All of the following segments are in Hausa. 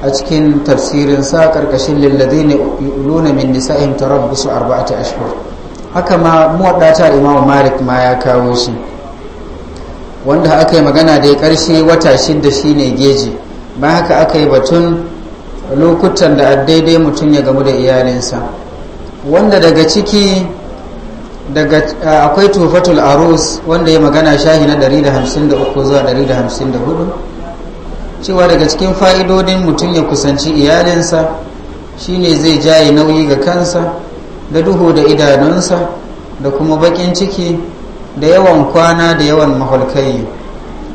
a cikin tafsirin sa karkashin ne luna min nisa'ihim tarabbusu ta ashhur haka ma muwaddata imawa Malik ma ya kawo shi wanda aka yi magana da ya karshe wata shida shine geji ba haka aka yi batun lokutan da daidai mutum ya gamu da iyalinsa wanda daga ciki daga akwai tufatul arus wanda ya magana shahi na 153 zuwa 154 cewa daga cikin fa'idodin mutum ya kusanci iyalinsa shine zai jaye nauyi ga kansa da duhu da idanunsa da kuma bakin ciki da yawan kwana da yawan maholkai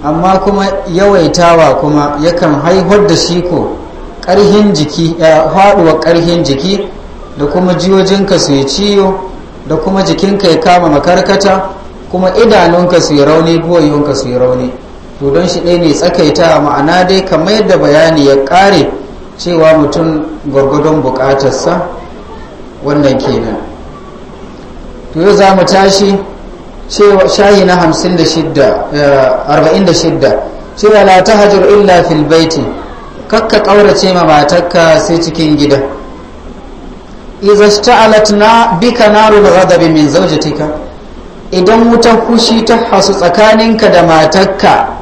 amma kuma yawaitawa kuma yakan haihuwar da shi ko ƙarhin jiki haɗuwa ƙarhin jiki da kuma jiyojinka su yi ciyo da kuma jikinka ya kama makarkata kuma idanunka su yi rauni buwayonka su yi rauni to don shi ɗaya ne tsakaita ma'ana dai kamar yadda bayani ya ƙare cewa mutum gwargwadon buƙatarsa wannan kenan to yau za mu tashi cewa shayi na 46 cewa eh, la ta hajar illa fil baiti kakka ƙaurace ma matarka sai cikin gida iza sta'alat na bika narul min zaujatika idan wutar fushi ta hasu tsakaninka da matarka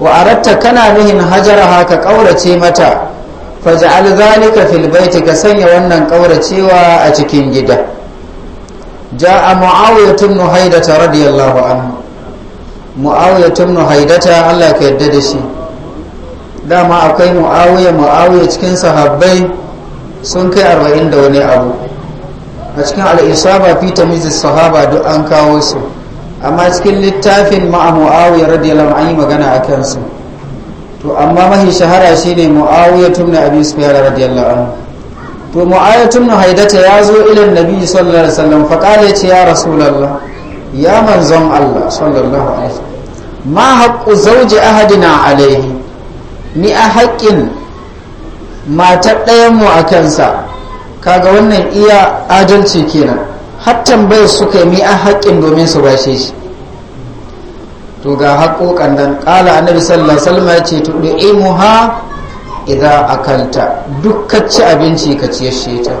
wa aratta kana nihin Hajara haka kaurace mata faj'al zalika fil baiti ka sanya wannan kauracewa a cikin gida ja'a muawiyah ibn haidata radiyallahu anhu muawiyah ibn haidata Allah ka yarda da shi dama akwai mu'awiya mu'awiya cikin sahabbai sun kai arba'in da wani abu a cikin al'isaba fi tamizis sahaba duk an kawo su amma cikin littafin ma'a mu'awiyya radiyallahu an yi magana a kansu to amma mahi shahara shine mu'awiyya tumna abi sufyan radiyallahu anhu to mu'awiyya tumna haidata ya zo ilin nabi sallallahu alaihi wasallam fa qala ce ya rasulullah ya manzon Allah sallallahu alaihi ma haqqu zawji ahadina alaihi ni a haƙƙin matar ɗayanmu a kansa kaga wannan iya adalci kenan har tambayar suka yi mi'a haƙƙin domin su bashe shi to ga haƙoƙan ƙandan ƙala annabi sallallahu alaihi wasallam ya ce tudu imuha idan akalta duk ci abinci ka ce shi ta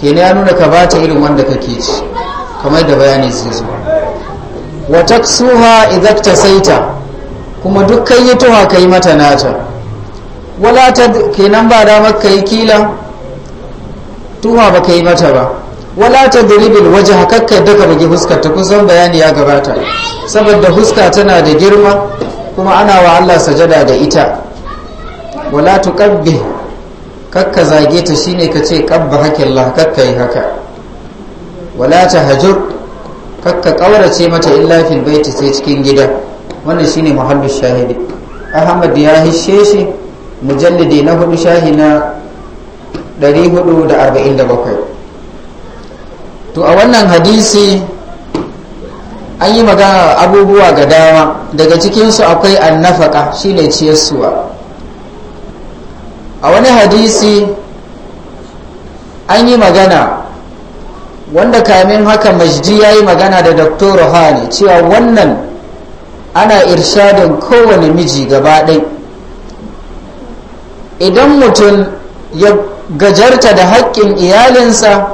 kenan ya nuna ka ba ta irin wanda kake ci kamar da bayani zai zo wa taksuha idan ta saita kuma dukkan yi yi tuha kai mata nata wala ta kenan ba damar yi kila tuwa ba ka yi mata ba wala ta dalibin waje hakakka da ka rage huskar ta kusan bayani ya gabata saboda huska tana da girma kuma ana wa Allah sajada da ita wala tu kabbe kakka zage ta shine ka ce kabba la kakka yi haka wala ta hajur kakka kawarace mata illa fil baiti sai cikin gida wannan shine muhallu shahidi ahmad ya hishe shi mujallidi na hudu shahi na 447 to a wannan hadisi an yi magana abubuwa ga dama daga cikinsu akwai annafaka shine ciyarsuwa a wani hadisi an yi magana wanda kamin haka majdi ya yi magana da dr rohani cewa wannan ana irshadin kowane miji gaba idan mutum ya gajarta da haƙƙin iyalinsa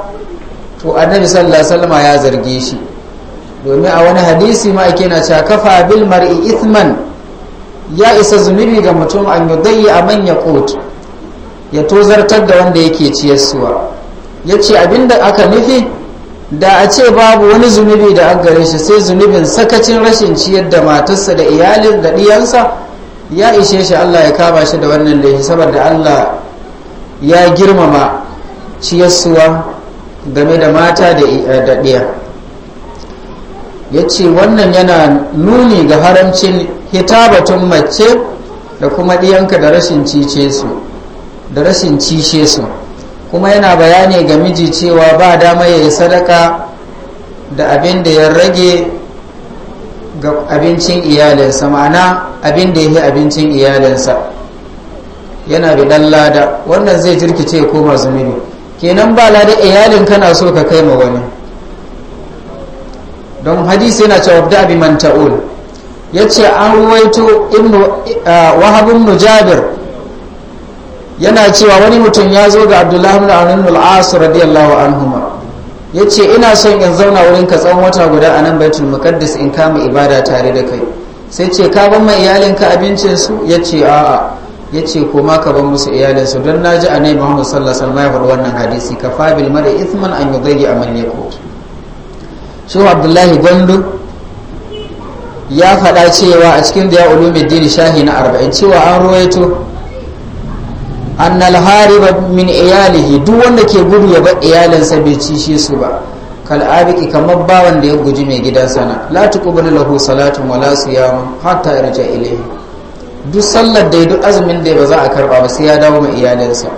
to annabi sallallahu alaihi ya zarge shi domin a wani hadisi ma ake na cewa kafa bil mar'i ithman ya isa zunubi ga mutum an yudayyi a manya qut ya tozartar da wanda yake ciyarsuwa ce abinda aka nufi da a ce babu wani zunubi da an gare shi sai zunubin sakacin rashin ciyar da matarsa da iyalin da diyansa ya ishe shi Allah ya kama shi da wannan laifi saboda Allah ya girmama ciyarsuwa game da mata da ɗiya ya ce wannan yana nuni ga haramcin hitabatun mace da kuma ɗiyanka da rashin cice su da rashin cishe su kuma yana bayani ga miji cewa ba dama ya yi sadaka da abin da ya rage ga abincin iyalinsa ma'ana abin da ya yi abincin iyalinsa yana da dan lada wannan zai jirkice ya koma zunubi kenan ba lada iyalin kana so ka kai ma wani don hadisi yana cewa da bi man ta'ul yace an ruwaito ibnu eh, wahab ibn yana cewa wani mutum ya zo ga abdullahi ibn amr al-as radiyallahu anhuma yace ina son in zauna wurin ka tsawon wata guda a nan baitul muqaddas in kama ibada tare da kai sai ce ka ban mai iyalinka abincin su yace a'a ya ce ko ma ka ban musu iyalinsu don na ji a anai muhammadu sallallahu alaihi wasallam wannan hadisi ka fa mara ithman an yudayyi amal yakut shi abdullahi gandu ya faɗa cewa a cikin da ya ulumuddin shahi na arba'in cewa an ruwaito annal hariba min iyalihi duk wanda ke gudu ya bar iyalinsa bai shi su ba kal abiki kamar bawan da ya guji mai gidansa na la tuqbalu lahu salatun wala har hatta yarja ilayhi duk sallar da ya duk azumin da ba za a karba ba sai ya dawo mai iyalinsa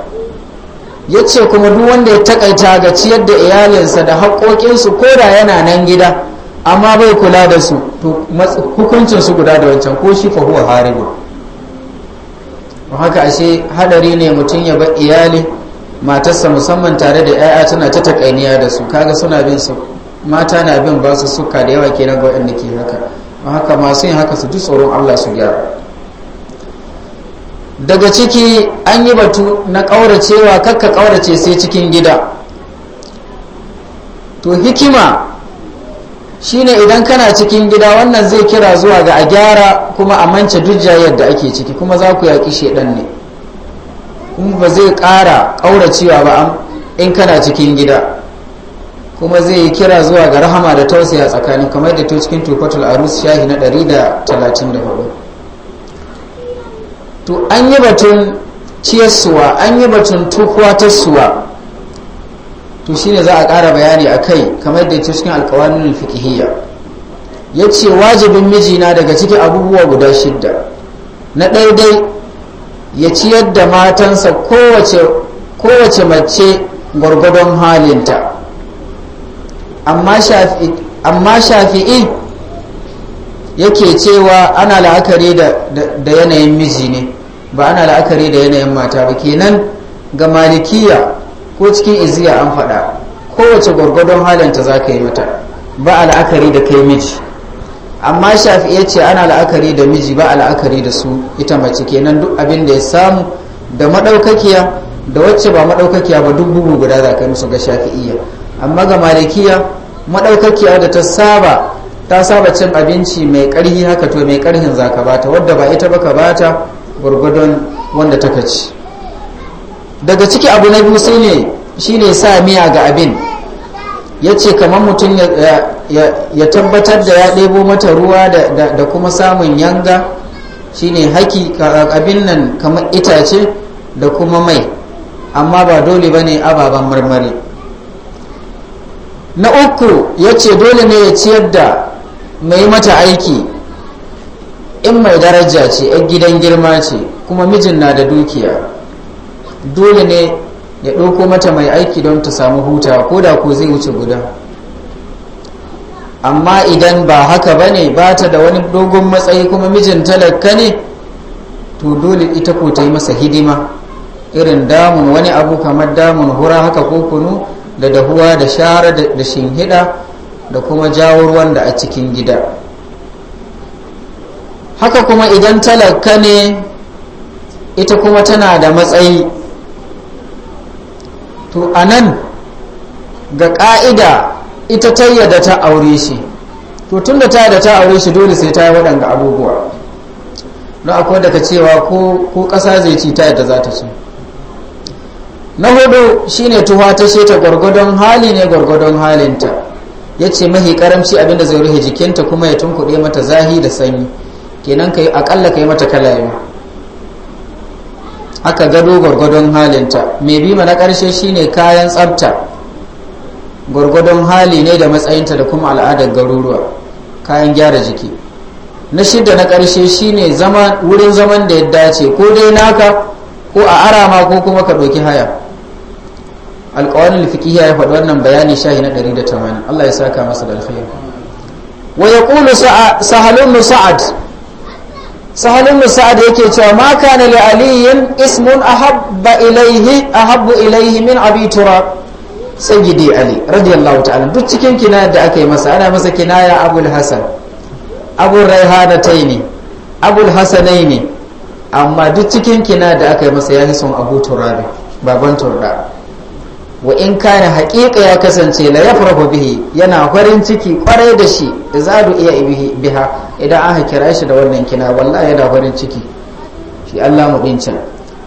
ya ce kuma duk wanda ya takaita ga ciyar da iyalinsa da haƙoƙinsu ko da yana nan gida amma bai kula da su to hukuncin su guda da wancan ko shi fa huwa haribu haka ashe hadari ne mutum ya bar iyali matarsa musamman tare da 'ya'ya tana ta takainiya da su kaga suna bin su mata na bin ba su suka da yawa kenan ga waɗanda ke haka haka masu yin haka su ji tsoron Allah su gyara daga ciki an yi batu na ƙauracewa kakka ƙaurace sai cikin gida to hikima shine idan kana cikin gida wannan zai kira zuwa ga a gyara kuma a mance dujja yadda ake ciki kuma za ku yaƙi shaidan ne kuma ba zai ƙara ƙauracewa ba in kana cikin gida kuma zai yi kira zuwa ga rahama da tausaya tsakanin kamar da to cikin tufatul arus shahi na 134 to an yi batun ciyarsuwa an yi batun tukwatarsuwa to shi ne za a ƙara bayani a kai kamar da cikin alkawarin fikihiyya ya ce wajibin mijina daga cikin abubuwa guda shidda na ɗaiɗai ya ciyar da matansa kowace mace gwargwadon halinta amma shafi'i yake cewa ana la'akari da yanayin miji ne ba ana la'akari da yanayin mata ba kenan ga malikiya ko cikin iziya an faɗa kowace gwargwadon halinta za ka yi mata ba a la'akari da kai miji amma shafi ya ce ana la'akari da miji ba a la'akari da su ita mace kenan duk abin da ya samu da maɗaukakiya da wacce ba maɗaukakiya ba duk bugu guda za ka yi musu ga iya amma ga malikiya maɗaukakiya da ta saba ta saba cin abinci mai ƙarhi haka to mai ƙarhin za ka bata wadda ba ita ba ka bata gwargwadon wanda ta kaci daga ciki abu na biyu sai ne shine sa miya ga abin ya ce kamar mutum ya tabbatar da ya ɗebo mata ruwa da kuma samun yanga shine haki abin nan kamar itace da kuma mai amma ba dole ba ne ababen marmari na uku ya ce dole ne ya ciyar da mai mata aiki in mai daraja ce a gidan girma ce kuma mijin na da dukiya dole ne ya ɗauko mata mai aiki don ta samu huta ko da ko zai wuce guda amma idan ba haka ba ne ba ta da wani dogon matsayi kuma mijin talaka ne to dole ita ko ta yi masa hidima irin damun wani abu kamar damun hura haka ko kunu da dahuwa da shara da shin shinhida da kuma jawo ruwan da a cikin gida haka kuma idan talaka ne ita kuma tana da matsayi to a nan ga ƙa'ida ita tayya da ta aure shi to tun da ta da ta aure shi dole sai ta yi waɗanda abubuwa na akwai daga cewa ko ƙasa zai ci ta yadda za ta ci na hudu shine tuwa ta ta gwargwadon hali ne gwargwadon halinta ya ce mahi karamci abinda zai rufe jikinta kuma ya tunkuɗe mata zahi da sanyi kenan kai akalla kai mata kala yau aka gado gwargwadon halinta mai bima na ƙarshe shine kayan tsabta gwargwadon hali ne da matsayinta da kuma al'adar garuruwa kayan gyara jiki na shida na ƙarshe shine zama wurin zaman da ya dace ko dai naka ko a arama ko kuma ka ɗauki haya alƙawarin fikihiya ya faɗi wannan bayani shahi na 180 Allah ya saka masa da alkhairi wa yaqulu musa'ad sa'ad sahalin musa'ad yake cewa ma kana li aliyin ismun ahabba ilaihi ahabbu ilaihi min abi turab sayyidi ali radiyallahu ta'ala duk cikin kinaya da aka yi masa ana masa kinaya abul hasan abul raihanataini abul hasanaini amma duk cikin kinaya da aka yi masa ya son abu turabi baban turda wa in kana haƙiƙa ya kasance la yafrahu bihi yana farin ciki kwarai da shi da zadu iya biha idan aka kira shi da wannan kina wallahi yana farin ciki shi Allah mu dinci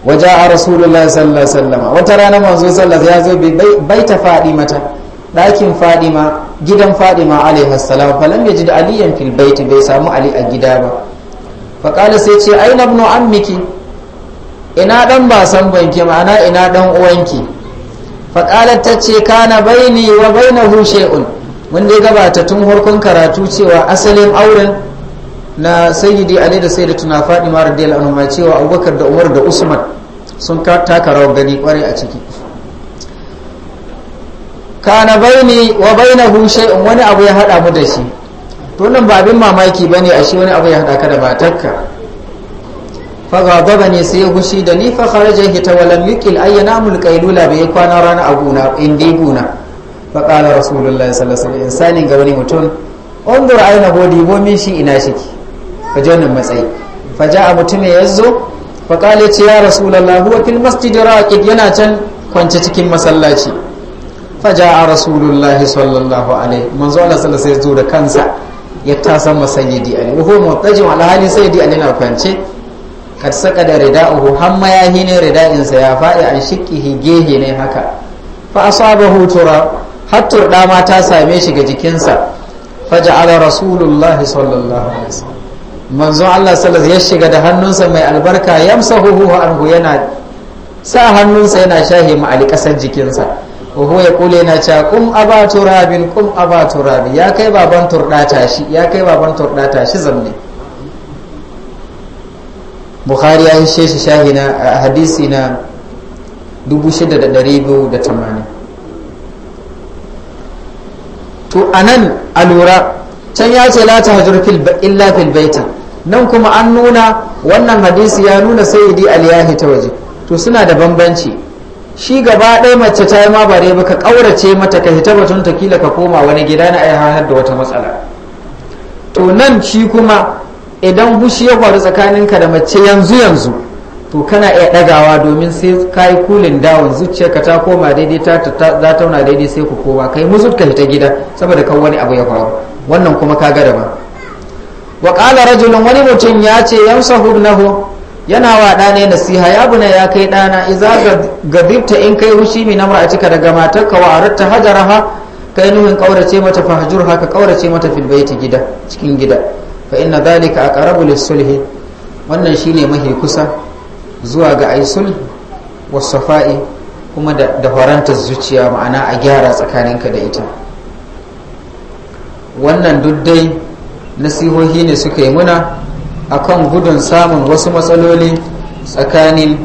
waja rasulullahi sallallahu alaihi wasallama wata rana manzo sallallahu ya zo bai ta fadi mata dakin fadima gidan fadima alaihi salam falam yajid aliyan fil baiti bai samu ali a gida ba fa qala sai ce aina ibnu ammiki ina dan ba san banki ma'ana ina dan uwanki fa ta ce kana baini wa bainahu shay'un mun dai gabata tun farkon karatu cewa asalin auren na sayyidi ali da sayyidatuna fadima radiyallahu anhu mai cewa abubakar da umar da usman sun taka rawar gani kwarai a ciki kana baini wa bainahu shay'un wani abu ya hada mu da shi to nan ba abin mamaki bane a shi wani abu ya hada ka da matarka fa ne sai ya gushi da ni fa kharaja hita wa lam yuqil ayyana mul qailula bai kwana rana abuna indi guna fa qala rasulullahi sallallahu alaihi wasallam insani ga wani mutum aina hodi bo mishi ina shiki fajonin matsayi faja a mutum ya zo faƙale ce ya rasulallah huwa fil masjid raqid yana can kwance cikin masallaci faja a rasu rasulullahi sallallahu alaihi manzo Allah sallallahu alaihi zo da kansa ya tasa masayyidi ali wa huwa mutajim ala hali sayyidi ali na kwance kad saka da rida'uhu hamma ya hine rida'in sa ya faɗi an shiqihi gehe ne haka fa asabahu tura hattur da ma ta same shi ga jikinsa faja ala rasulullahi sallallahu alaihi wasallam manzo Allah sallallahu ya shiga da hannunsa mai albarka yamsahuhu anhu yana sa hannunsa yana shahi ma ali kasar jikinsa wa ya kule yana cewa kum aba turabin kum aba turabin ya kai baban turdata shi ya kai baban turdata shi zamne bukhari ya shi shi shahi na hadisi na 6280 to anan alura can ya ce la ta hajjar illa fil baita nan kuma an nuna wannan hadisi ya nuna sayyidi aliyahi ta waje to suna da bambanci shi gaba ɗaya mace ta yi ma bare ba ka ƙaurace mata ka hita batun ta kila ka koma wani gida na ai har da wata matsala to nan shi kuma idan bushi ya faru ka da mace yanzu yanzu to kana iya ɗagawa domin sai ka yi kulin dawon zuciyarka ta koma daidai ta za tauna daidai sai ku koma kai muzut ka hita gida saboda kan wani abu ya faru wannan kuma ka ga daban wa ƙala rajulun wani mutum ya ce na nahu yana wa ɗane nasiha ya buna ya kai ɗana iza gadibta in kai hushi mi namar a cika daga ka wa hajara ha kai nuhin kaurace mata fahajur haka ka kaurace mata filbaiti gida cikin gida fa inna dhalika a lis sulhi wannan shi ne mahi kusa zuwa ga aisul wasafa'i kuma da da faranta zuciya ma'ana a gyara tsakaninka da ita wannan duk dai nasihohi ne suka yi muna akan gudun samun wasu matsaloli tsakanin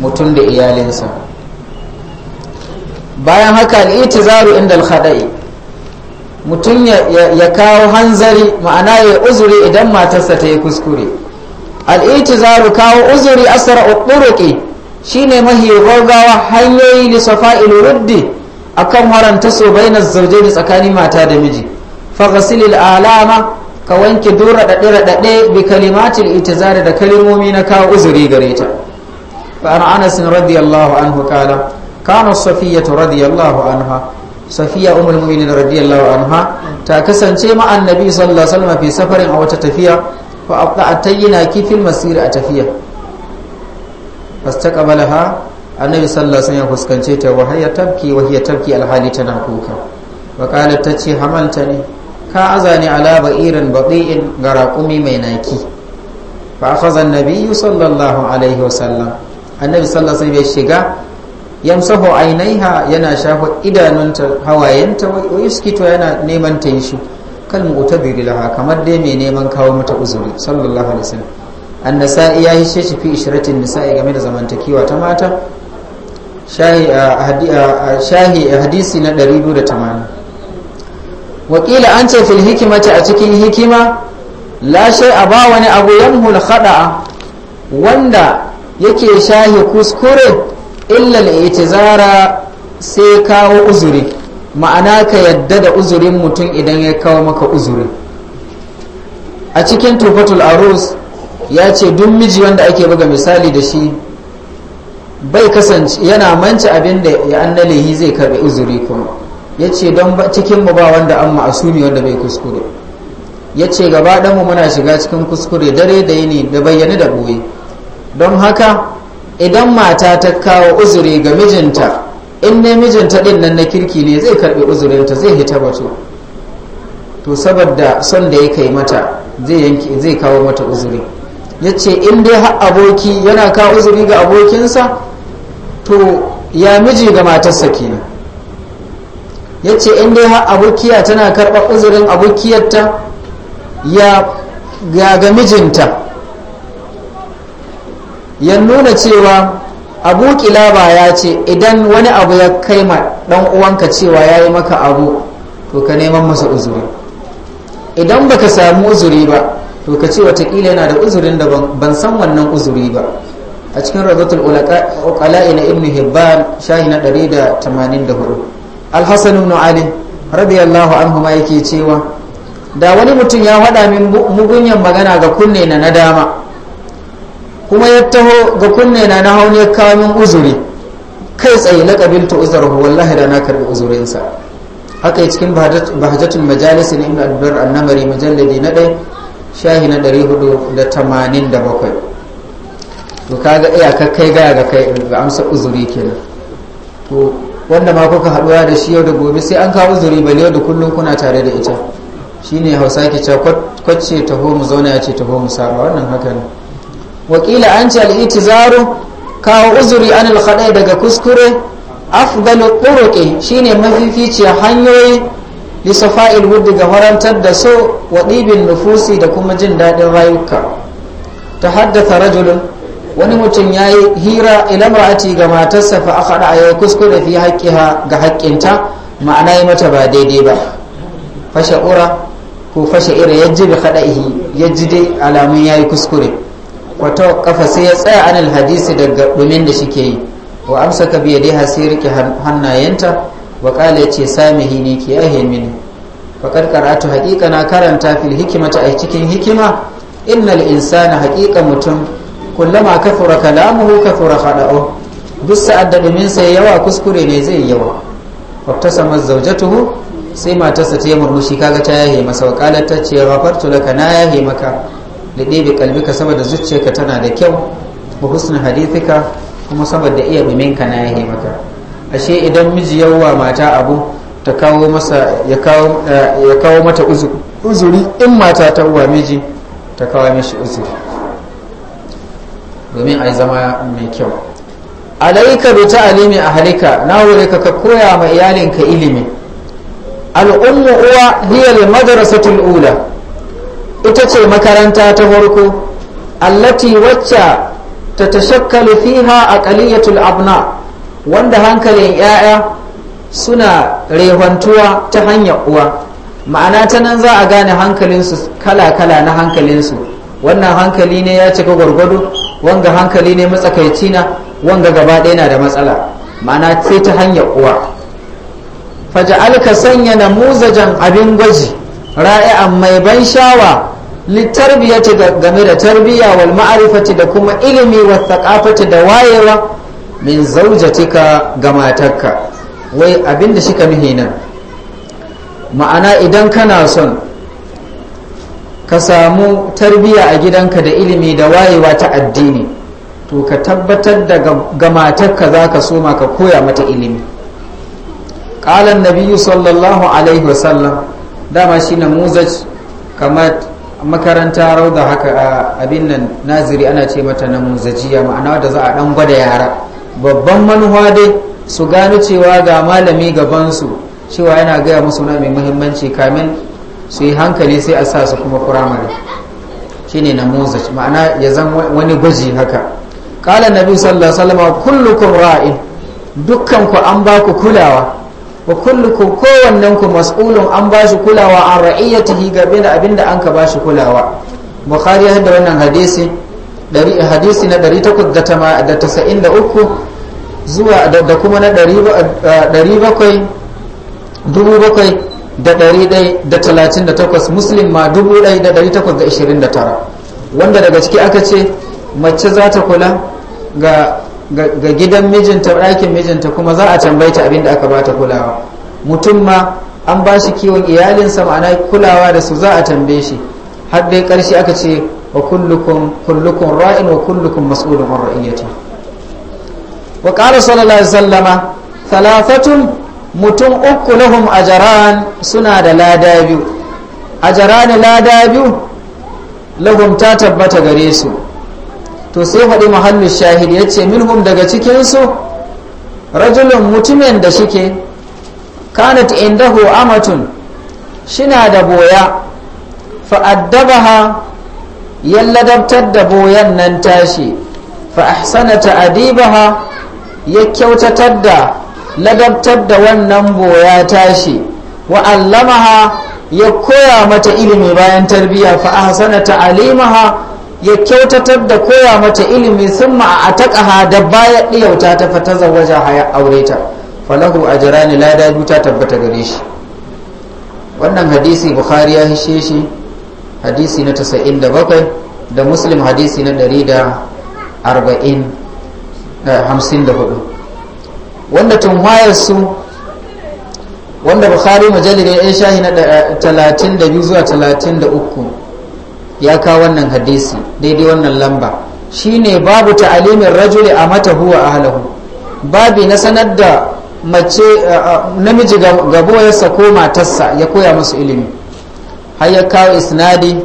mutum da iyalinsa bayan haka zaru inda al mutum ya kawo hanzari ma'ana ya uzuri idan matarsa ta yi kuskure al'itizaru kawo uzuri asara uɓuruki shine mahi gaugawa hanyoyi lissafa iluruddi akan haranta so bainar zaujeni tsakanin mata da miji fagasilil alama ka wanke duk daɗe raɗaɗe bi ita zare da kalimomi na kawo uzuri gare ta fa an anas radiyallahu anhu kala kana safiyatu radiyallahu anha safiya umul mu'minin radiyallahu anha ta kasance ma annabi sallallahu alaihi wasallam fi safarin a wata tafiya fa abda atayna kifil masir a tafiya fastaqbalaha annabi sallallahu alaihi wasallam fuskance ta wa hayya tabki wa hiya tabki alhali tana kuka wa qalat tace hamalta ne ka azani ala ba'irin baɗi'in ga raƙumi mai naki fa akhadha an-nabiyyu sallallahu alaihi wasallam annabi sallallahu alaihi wasallam ya shiga yamsahu ainaiha yana shafa idanunta hawayenta wa yuskito yana neman ta yi shi kal mu'tabiri laha kamar dai mai neman kawo mata uzuri sallallahu alaihi wasallam annasa'i ya hishe shi fi ishratin nisa'i game da zamantakewa ta mata shahi hadisi na 280 wakila an ce fil ce a cikin hikima la shai a ba wani abu yamhul hada wanda yake shahi kuskure illa itizara sai kawo uzuri ma'ana ka yadda da uzurin mutum idan ya kawo maka uzuri a cikin tufatul arus ya ce duk miji wanda ake buga misali da shi bai kasance yana manci abin da ya annalehi zai karbi uzuri kuma ya ce don cikin mu ba wanda an ma'asumi wanda bai kuskure ya ce gaba mu muna shiga cikin kuskure dare da yini da bayyane da boye don haka idan mata ta kawo uzuri ga mijinta in ne mijinta ɗin nan na kirki ne zai karbi uzurinta zai hita bato to saboda son da ya kai mata zai kawo mata uzuri ya ce in dai har aboki yana kawo uzuri ga abokinsa to ya miji ga matarsa kenan yace ce in dai har abokiya tana karɓar uzurin abokiyarta ya ga mijinta ya nuna cewa abu kilaba ya ce idan wani abu ya kai ma dan uwanka cewa ya yi maka abu to ka neman masa uzuri idan baka samu uzuri ba to ka ce watakila yana da uzurin da ban san wannan uzuri ba a cikin razatul ulaqa'i na ibn hibban shahi na 184 alhassan ibn ali radiyallahu anhu ma yake cewa da wani mutum ya faɗa min mugunyan magana ga kunne na na dama kuma ya taho ga kunne na na hauni kawo min uzuri kai tsaye na kabilta uzurhu wallahi da na karbi uzurinsa haka yi cikin bahajatul majalis na ibn abdur annamari mujalladi na ɗaya shahi na 487 da tamanin to kaga iyakar kai gaya ga kai ga amsa uzuri kenan to wanda ma kuka haɗuwa da shi yau da gobe sai an kawo uzuri bale yau da kullum kuna tare da ita shine hausa ke ce kwacce taho mu zauna ya ce taho mu saba wannan haka ne wakila an ce al'itizaru kawo uzuri an alkhadai daga kuskure afdalu turuqi shine mafificiyar hanyoyi li safa'il wudi ga farantar da so wa dibin nufusi da kuma jin dadin rayuka haddasa rajulun wani mutum ya yi hira ilamra'ati ga matarsa fa aka da ya kuskure fi haƙƙiha ga haƙƙinta ma'ana yi mata ba daidai ba fashe ura ko fashe ira ya ji bi haɗa'ihi ya ji dai alamun ya yi kuskure kwato kafa sai ya tsaya an hadisi daga ɗumin da shike yi wa amsa ka biya dai hasi rike hannayenta wa ƙala ce samihi ne ki mini faƙar karatu haƙiƙa na karanta fil hikimata a cikin hikima innal insana haƙiƙa mutum kullama kafura kalamuhu kafura khada'u duk sa'ad da dumin sai yawa kuskure ne zai yawa wabtasama tuhu sai matarsa ta yi murmushi kaga ta yahe masa wa qalat ta ce ghafartu laka na yahe maka lidibi kalbika saboda zuciyarka tana da kyau wa husnul hadithika kuma saboda iya ka na yahe maka ashe idan miji yawa mata abu ta kawo masa ya kawo mata uzuri in mata ta uwa miji ta kawo mishi uzuri domin a yi zama mai kyau alaika bi ta'alimi ahlika na wuri ka ka koya ma ka ilimi al'ummu uwa hiya al ula ita ce makaranta ta farko allati wacce ta tashakkalu fiha aqaliyatul abna wanda hankalin 'ya'ya suna rehantuwa ta hanyar uwa ma'ana ta nan za a gane hankalinsu kala-kala na hankalinsu wannan hankali ne ya cika gwargwado wanga hankali ne matsakaici na wanga gaba ɗaya na da matsala ma'ana sai ta hanyar uwa faja'alka sanya na muzajen abin gwaji ra'i'an mai ban shawa ta game da tarbiyya wal ma'arifati da kuma ilimi wa thaqafati da wayewa min zaujatika ga matarka wai abin da shika ka nan ma'ana idan kana son ka samu tarbiyya a gidanka da ilimi da wayewa ta addini to ka tabbatar da ga matarka za ka soma ka koya mata ilimi ƙalan nabiyu sallallahu alaihi wasallam dama shi na muzaj kamar makaranta da haka a abin nan naziri ana ce mata na muzajiya ma'ana da za a ɗan gwada yara babban manuwa dai su gano cewa ga malami gabansu cewa yana gaya musu na mai muhimmanci kamin su yi hankali sai a sa su kuma firamare shine na mozaj ma'ana ya zan wani gwaji haka kala nabi sallallahu alaihi wasallam kullukum ra'in dukkan ku an ba ku kulawa wa kullukum kowannen ku mas'ulun an ba shi kulawa an ra'iyatihi gabe da abinda an ka ba shi kulawa bukhari ya da wannan hadisi hadisi na 893 zuwa da kuma na 700 da ɗari ɗai da talatin da takwas muslim ma dubu ɗai da ɗari takwas da ashirin da tara wanda daga ciki aka ce mace za ta kula ga gidan mijinta ɗakin mijinta kuma za a tambaye ta abin da aka ta kulawa mutum ma an ba shi kiwon iyalinsa ma'ana kulawa da su za a tambaye shi har dai ƙarshe aka ce wa kullukun ra'in wa kullukun mas'ulun an wa ƙara sallallahu alaihi thalathatun mutum uku lahum ajaran suna da lada biyu ajaran lada biyu lahum ta tabbata gare su to sai haɗi muhallin shahid ya ce minhum daga cikinsu rajulun mutumin da shike kanat indahu amatun shina da boya fa'addabaha ya ladabtar da boyan nan tashi fa ahsana ta'adibaha ya kyautatar da ladabtar da wannan boya tashi wa allamaha ya koya mata ilimi bayan tarbiyya fa ahsana alimaha ya kyautatar da koya mata ilimi summa a taqaha da baya diyauta ta fata zawaja haya aure ta. falahu ajrani la ladabi ta tabbata gare shi wannan hadisi bukhari ya hishe shi hadisi na 97 da muslim hadisi na da hudu. wanda tunwayar su wanda bukhari da ya shahi na 32 zuwa 33 ya kawo wannan hadisi daidai wannan lamba shine babu ta'alimin rajuli a mata huwa halahu. babi na sanar da mace namiji ya ko matarsa ya koya masu ilimi har ya kawo isnadi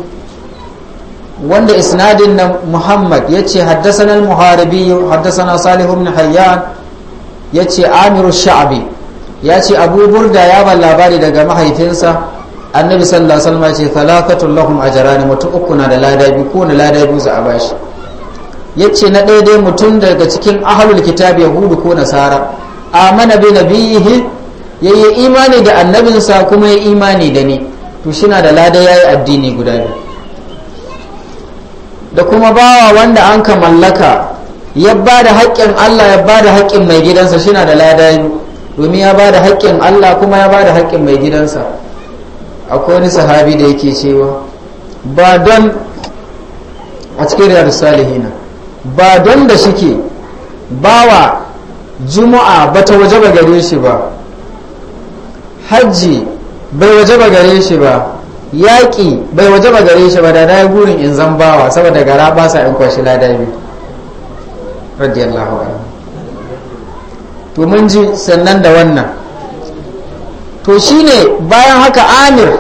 wanda isnadin na muhammad ya ce haddasa na muharibi haddasa na salihun na hayyan yace ce amiru sha'abi ya ce abu burda ya ban labari daga mahaifinsa annabi sallallahu alaihi wasallam ce talakatul lahum ajrani mutu uku na da lada biyu ko na lada biyu za a bashi yace na daidai mutum daga cikin ahlul kitab yahudu ko nasara amana bi nabiyihi yayi imani da annabinsa kuma yayi imani da ni to shina da lada yayi addini guda biyu da kuma bawa wanda an ka mallaka ya ba da haƙƙin Allah ya ba da haƙƙin mai gidansa shi na da ladayi domin ya ba da haƙƙin Allah kuma ya ba da haƙƙin mai gidansa akwai wani sahabi da yake cewa ba don a cikin riyar salihina ba don da shike bawa juma'a bata ta waje ba gare shi ba hajji bai waje ba gare shi ba yaƙi bai waje ba gare shi ba da na gurin in zan bawa saboda gara ba sa in kwashi ladabi radiyallahu anhu to mun ji sannan da wannan to shine bayan haka amir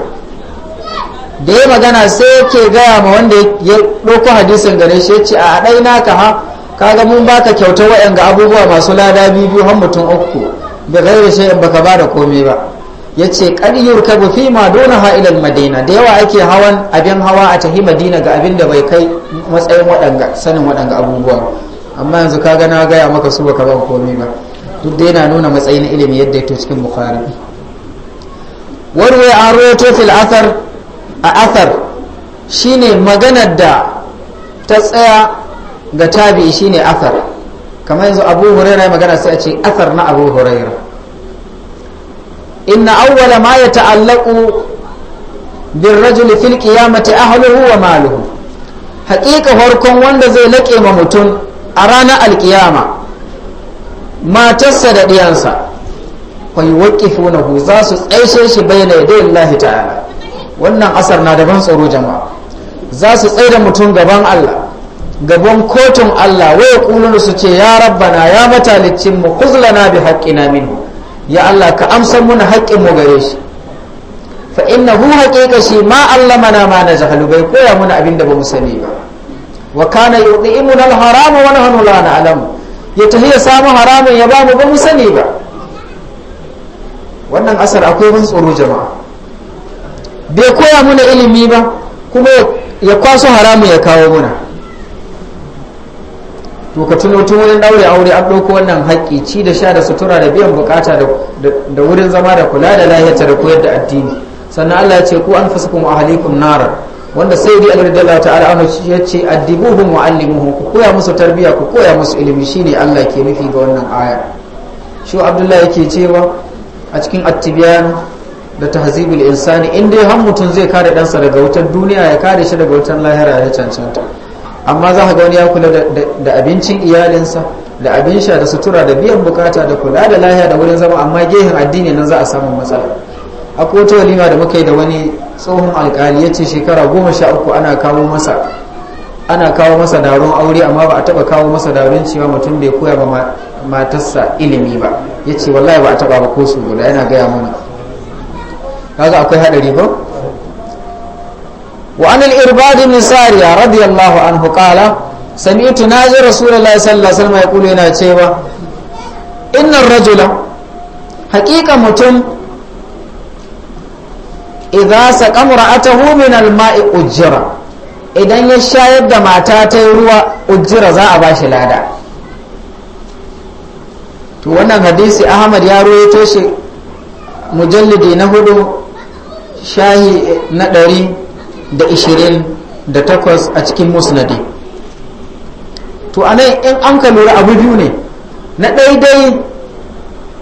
da ya magana sai yake gaya ma wanda ya ɗauko hadisin gare shi ya ce a haɗai naka ha kaga mun baka kyauta waɗanda abubuwa masu lada biyu har mutum uku da gaira in baka ba da komai ba ya ce ƙaryar ka fi ma dona ha'ilan madina da yawa ake hawan abin hawa a tahi madina ga abin da bai kai matsayin waɗanga sanin waɗanga abubuwa amma yanzu ka ga na gaya maka su baka ban komai ba duk da yana nuna matsayin ilimi yadda ya to cikin bukhari warwe an roto fil athar a athar shine maganar da ta tsaya ga tabi shine athar kamar yanzu abu huraira magana sai a ce athar na abu huraira inna awwala ma ya ta'allaku bin rajuli fil qiyamati ahluhu wa maluhu haƙiƙa farkon wanda zai laƙe ma mutum a ranar alkiyama matarsa da ɗiyansa kwai waƙifu na hu za su tsaishe shi bayyana ya yadda lahi ta'ala wannan asar na daban tsoro jama'a za su tsaye da mutum gaban allah gaban kotun allah waya kulun su ce ya rabbana ya matalicin mu kuzlana bi haƙƙina min ya allah ka amsa muna haƙƙin mu gare shi fa innahu haƙiƙa shi ma Allah mana ma na jahalu bai koya muna abin da ba mu sani ba wa kana yudhimuna al-harama wa nahnu la alamu ya tafi ya samu haramun ya mu ba mu sani ba wannan asar akwai ban tsoro jama'a bai koya muna ilimi ba kuma ya kwaso haramun ya kawo muna to ka tuno wurin daure aure an ɗauko wannan haƙƙi ci da sha da sutura da biyan bukata da wurin zama da kula da lahiyarta da koyar da addini sannan Allah ya ce ku an kuma ahalikum nara wanda sai dai Allah ta ta'ala amma ya ce addibuhum wa allimuhu ku koya musu tarbiya ku koya musu ilimi shine Allah ke nufi ga wannan aya shi abdullah yake cewa a cikin at-tibyan da tahzibul insani in dai har mutum zai kare dansa daga wutar duniya ya kare shi daga wutar lahira ya cancanta amma za ka ga wani ya kula da abincin iyalinsa da abin sha da sutura da biyan bukata da kula da lahiya da wurin zama amma gehen addini nan za a samu matsala akwai wata walima da muka yi da wani tsohon alkali ya ce shekara goma sha uku ana kawo masa ana kawo masa daron aure amma ba a taba kawo masa daron cewa mutum bai koya ba matarsa ilimi ba ya ce wallahi ba a taba ba ko guda yana gaya mana kaga akwai hadari ba wa anil irbad ibn sariya radiyallahu anhu qala sami'tu naji rasulullahi sallallahu alaihi wasallam yaqulu yana cewa innar rajula haqiqa mutum idza saqa mar'atahu min al-ma'i ujra idan ya shayar da mata ta ruwa ujira za a bashi lada to wannan hadisi ahmad ya ruwaito shi mujallidi na hudu shahi na ɗari da ishirin da takwas a cikin musnadi to anai in an ka lura abu biyu ne na daidai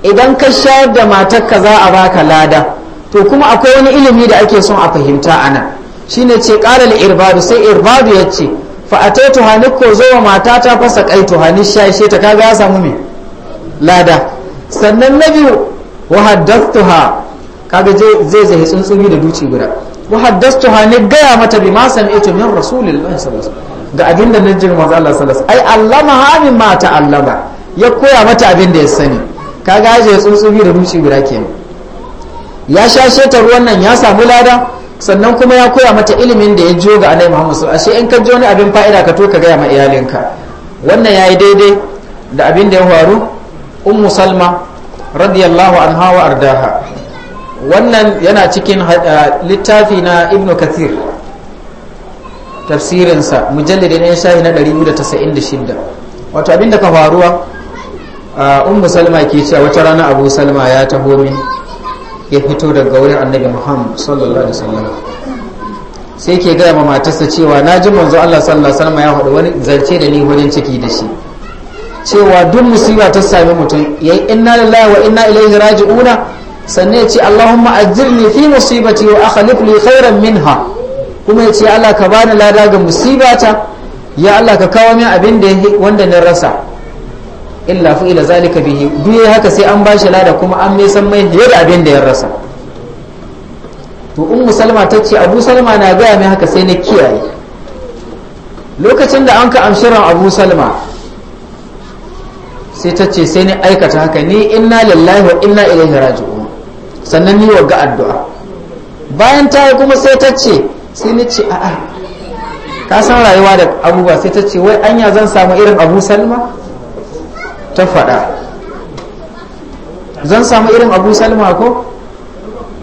idan ka shayar da matarka za a baka lada to kuma akwai wani ilimi da ake son a fahimta ana shine ce ƙara irbadu sai irbadu ya ce fa a tai tuhani ko zo wa mata ta fasa kai tuhani shashe ta kaga ya samu me lada sannan na biyu wa haddathtuha kaga zai zai tsuntsumi da duci guda wa haddathtuha ni gaya mata bi ma ita min rasulillahi sallallahu alaihi wasallam ga abinda nan jin manzo Allah sallallahu alaihi wasallam ai allama ha min ma Allama ya koya mata abinda ya sani kaga ya zai tsuntsumi da duci guda kenan ya sha shetar ruwan nan ya samu lada sannan kuma ya koya mata ilimin da ya jo ga annabi Muhammad sallallahu alaihi wasallam in ka ji wani abin fa'ida ka to ka gaya ma iyalinka wannan yayi daidai da abin da ya faru ummu salma radiyallahu an wa ardaha wannan yana cikin uh, littafi na ibn kathir tafsirinsa mujalladi na shahi na 296 wato abinda ka faruwa uh, ummu salma ke cewa wata rana abu salma ya taho min ya fito daga wurin annabi muhammad sallallahu alaihi wasallam sai ke gaya ma matarsa cewa na ji manzo Allah sallallahu alaihi wasallam ya wani zance da ni wurin ciki da shi cewa duk musiba ta sami mutum ya inna lillahi wa inna ilaihi raji'una sannan ya ce Allahumma ajirni fi musibati wa akhlif li khairan minha kuma ya ce Allah ka bani lada ga musibata ya Allah ka kawo min abin da wanda na rasa illa fi ila zalika bihi duk haka sai an bashi lada kuma an mai san mai da abin da ya rasa to ummu salma ta ce abu salma na gaya mai haka sai na kiyaye lokacin da an ka amshiran abu salma sai ta ce sai ni aikata haka ni inna lillahi wa inna ilaihi raji'un sannan ni wa ga addu'a bayan ta yi kuma sai ta ce sai ni ce a'a ka san rayuwa da abubuwa sai ta ce wai anya zan samu irin abu salma ta faɗa zan samu irin abu salma ko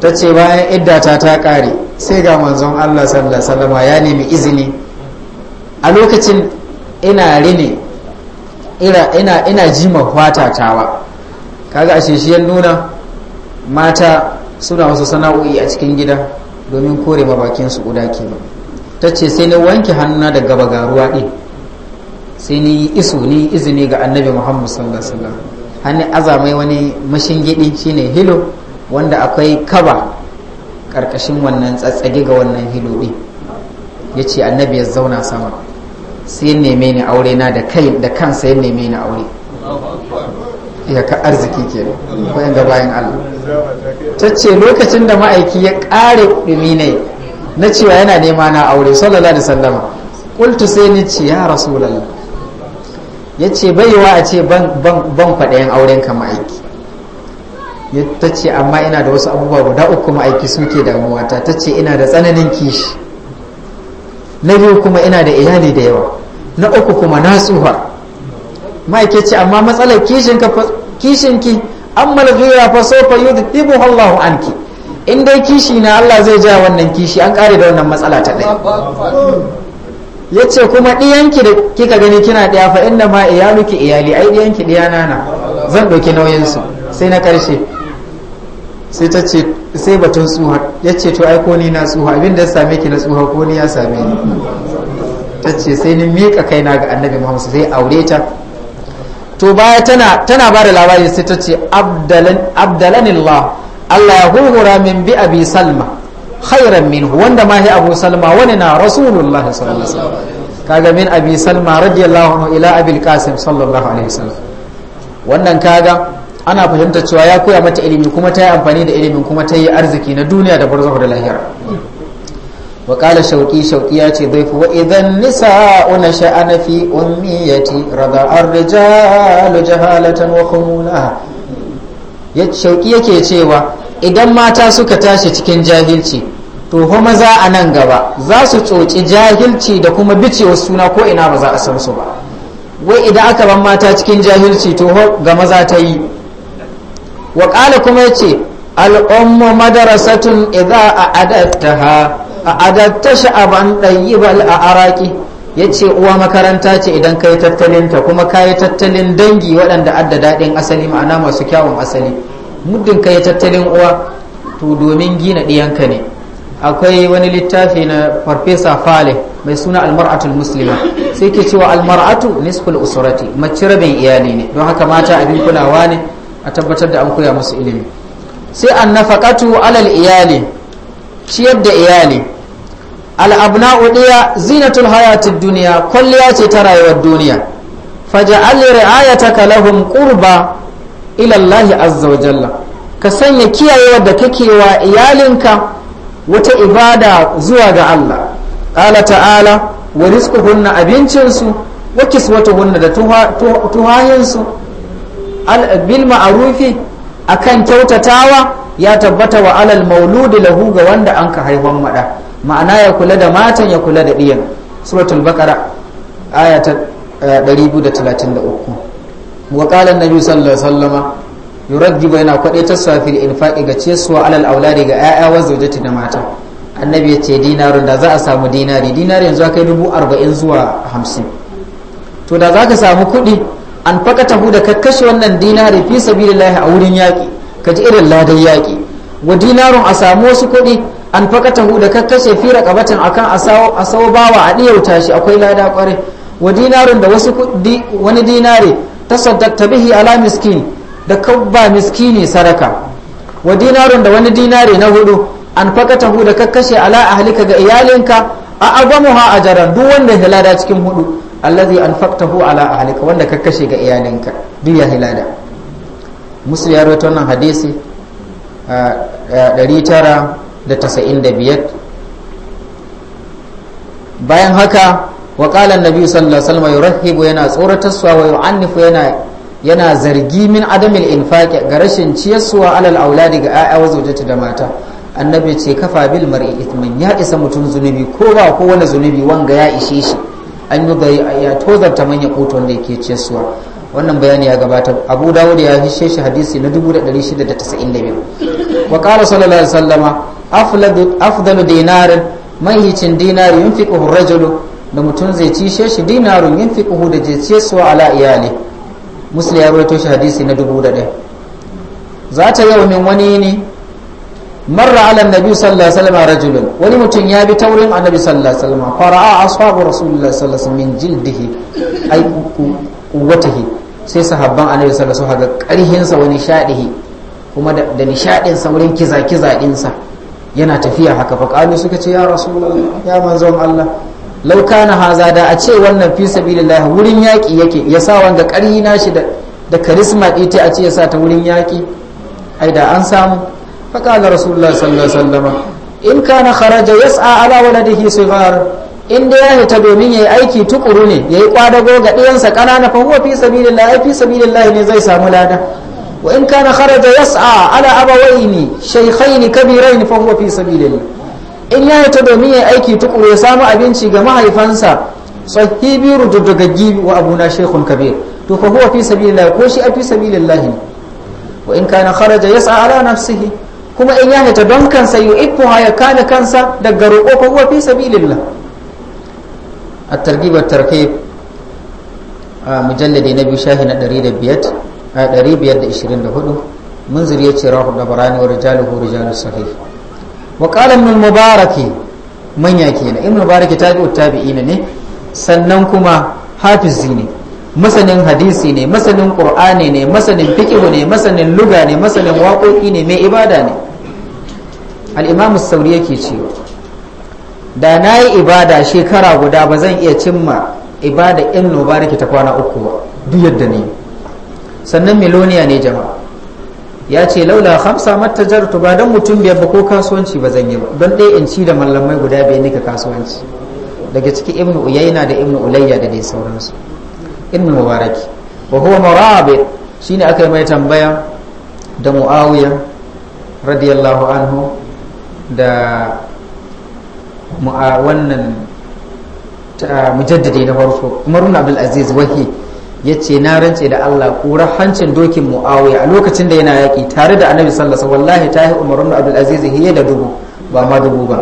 ta ce bayan iddata ta ƙare sai ga manzon allah sallallahu ya nemi izini a lokacin ina rine ina ji mafata tawa kaga a shishiyar nuna mata suna wasu sana'o'i a cikin gida domin kore mabakinsu guda ke ta ce sai na wanke hannu daga bagaruwa ɗin sai ni iso ni izini ga annabi muhammad sallallahu alaihi wasallam hannu azamai wani mashingidi shine hilo wanda akwai kaba karkashin wannan tsatsage ga wannan hilo din ya ce annabi ya zauna sama sai ya neme ni aure na da kai da kansa ya neme ni aure ya ka arziki ke bayan ga bayan Allah ta ce lokacin da ma'aiki ya ƙare dumi ne na cewa yana nema na aure sallallahu alaihi wasallam qultu sai ni ce ya rasulallah yace ce baiwa a ce ban kwaɗayen auren ka ma'aiki ta ce amma ina da wasu abubuwa guda uku ma'aiki suke damuwata ta ce ina da tsananin kishi na biyu kuma ina da iyali da yawa na uku kuma na tsuha ma'aiki ce amma matsalar kishinki an malghira fa sofa yudhibu Allahu anki in dai kishi na Allah zai ja wannan kishi an kare da wannan matsala ta ɗaya yace kuma ɗiyanki da kika gani kina ɗaya fa inda ma iyaluki iyali ai ɗiyanki ɗiya nana zan ɗauki nauyinsu sai na ƙarshe sai ta ce sai batun tsuha ya ce to ai ko ni na tsuha abin da ya same ki na tsuha ko ni ya same ni ta ce sai ni miƙa kaina ga annabi muhammad sai aure ta to baya tana tana ba da labari sai ta ce abdalanillah allah ya huhura min bi abi salma khairan min wanda ma hi abu salma wani na rasulullah sallallahu alaihi wasallam kaga min abi salma radiyallahu anhu ila abil qasim sallallahu alaihi wasallam wannan kaga ana fahimta cewa ya koya mata ilimi kuma ta yi amfani da ilimin kuma ta yi arziki na duniya da barzahu da lahira wa qala shauqi shauqi ya ce dai wa idan nisa nisa'u nasha'ana fi ummiyati rada ar-rijalu jahalatan wa khumula ya shauqi yake cewa idan mata suka tashi cikin jahilci to ho maza a nan gaba za su coci jahilci da kuma bicewar suna ko ina ba za a san su ba wai idan aka ban mata cikin jahilci to ho ga maza ta yi waƙala kuma ya ce al'ummu madarasatun idan a ha a adatta sha'aban ɗayyibal a araki ya ce uwa makaranta ce idan ka yi tattalinta kuma ka yi tattalin dangi waɗanda adda daɗin asali ma'ana masu kyawun asali muddin ka yi tattalin uwa to domin gina ɗiyanka ne akwai wani littafi na farfesa fale mai suna almar'atul muslima sai ke cewa almar'atu nisful usurati mace rabin iyali ne don haka mata abin kulawa ne a tabbatar da an koya musu ilimi sai an nafaƙatu alal iyali ciyar da iyali al'abna uɗiya zinatul hayatin duniya kwalliya ce ta rayuwar duniya faja'al ri'ayataka lahum qurba ilallahi azza wa jalla ka sanya kiyayewa da kake wa iyalinka wata ibada zuwa ga Allah ƙala ta'ala wa rizquhunna abincinsu wa kiswatuhunna da tuhahinsu bil ma'arufi akan kyautatawa ya tabbata wa alal mauludi lahu ga wanda an ka haihuwan mada ma'ana ya kula da matan ya kula da diyan suratul baqara aya ta 233 eh, wa qala annabi sallar sallama wasallama yurajjibu na kwade ta safil infaqi ga cesuwa alal auladi ga yaya wa da mata annabi ya ce dinarun da za a samu dinari dinari yanzu kai dubu arba'in zuwa hamsin to da za ka samu kuɗi an faka tahu da ka wannan dinari fi sabilillahi a wurin yaƙi ka ji irin ladan yaƙi wa dinarun a samu wasu kuɗi an faka tahu da ka kashe fi raƙabatin akan a sawo bawa a ɗiyauta shi akwai lada ƙwarai wa dinarun da wasu wani dinari tasaddaqta bihi ala miskin da kabba miskini saraka wa dinarun da wani dinari na hudu an fakatahu da kakkashe ala ahlika ga iyalinka a a ajaran duk wanda hilada cikin hudu allazi an faktahu ala ahlika wanda kakkashe ga iyalinka duk ya hilada musu ya rawaito wannan hadisi 995 bayan haka wa qala annabi sallallahu alaihi wasallam yurhibu yana tsoratarsuwa wa yu'annifu yana yana zargi min adamil infaq ga rashin ciyarsuwa alal auladi ga ayyawa ta da mata annabi ce kafa bil mara ithman ya isa mutum zunubi ko ba ko wani zunubi wanga ya ishe shi an yi da ya tozarta manya koton da yake ciyarsuwa wannan bayani ya gabata abu dawud ya fi shi hadisi na 1692 wa qala sallallahu alaihi wasallama afdalu dinarin mahicin dinari yunfiqu ar-rajulu da mutum zai cishe shi dinarun yin fiƙuhu da jeciyarsuwa ala iyali musli ya rawaito shi hadisi na dubu da ɗaya za ta yau min wani ne marra ala nabi sallallahu alaihi wasallam rajulun wani mutum ya bi taurin annabi sallallahu alaihi wasallam fara'a ashabu rasulullahi sallallahu alaihi wasallam min jildihi ay quwwatihi sai sahabban annabi sallallahu alaihi wasallam ga karhin sa wani shadihi kuma da nishadin sa wurin kiza kiza din sa yana tafiya haka fa kalu suka ce ya rasulullah ya manzon Allah kana haza da a ce wannan fi sabilillah wurin yaƙi yake ya sa wanda ƙari na shi da karisma ɗita a ce ya sa ta wurin yaƙi ai da an samu faƙalar rasulullah sallallahu sallama in kana kharaja yas'a ala waladihi sigar in da ya hita domin yayi aiki tukuru ne yayi kwadago ga ɗiyansa ƙanana fa huwa fi sabilillah ai fi sabilillah ne zai samu lada wa in kana kharaja yas'a ala abawaini shaykhaini kabirain fa huwa fi sabilillah in ya hita domin ya aiki tukuru ya samu abinci ga mahaifansa sahibi rududdagaggi wa abuna shekun kabir to fa huwa fi sabilillah ko shi a fi sabilillah ne wa in kana kharaja yas'a ala nafsihi kuma in ya hita don kansa yu'ibbuha ya kana kansa daga roƙo fa huwa fi sabilillah at-targhib at-tarhib a mujalladi na biyu shahi na 105 a 524 mun ya ce rahu da barani wa rijaluhu rijalus sahih wa qala ibn al-mubarak manya kenan ibn mubarak tabi'u tabi'ina ne sannan kuma hafizi masanin hadisi ne masanin qur'ani ne masanin fiqh ne masanin luga ne masanin waƙoƙi ne mai ibada ne al-imam sauri yake cewa da na yi ibada shekara guda ba zan iya cimma ibada in mubaraki ta kwana uku ba duk yadda ne sannan miloniya ne jama'a ya ce laula hamsa mata jartu ba don mutum biyar ba ko kasuwanci ba zan yi ba don ɗaya in ci da mallamai guda biyar nika kasuwanci daga ciki ibnu uyaina da ibnu ulayya da dai sauransu ibnu mubaraki wa huwa murabit shine aka yi mai tambaya da muawiya radiyallahu anhu da wannan mujaddadi na farko umar ibn abdul aziz wahi ya ce na rance da Allah kura hancin dokin mu'awiya a lokacin da yana yaƙi tare da annabi sallallahu wallahi ta yi ibn abdul aziz hiye da dubu ba ma dubu ba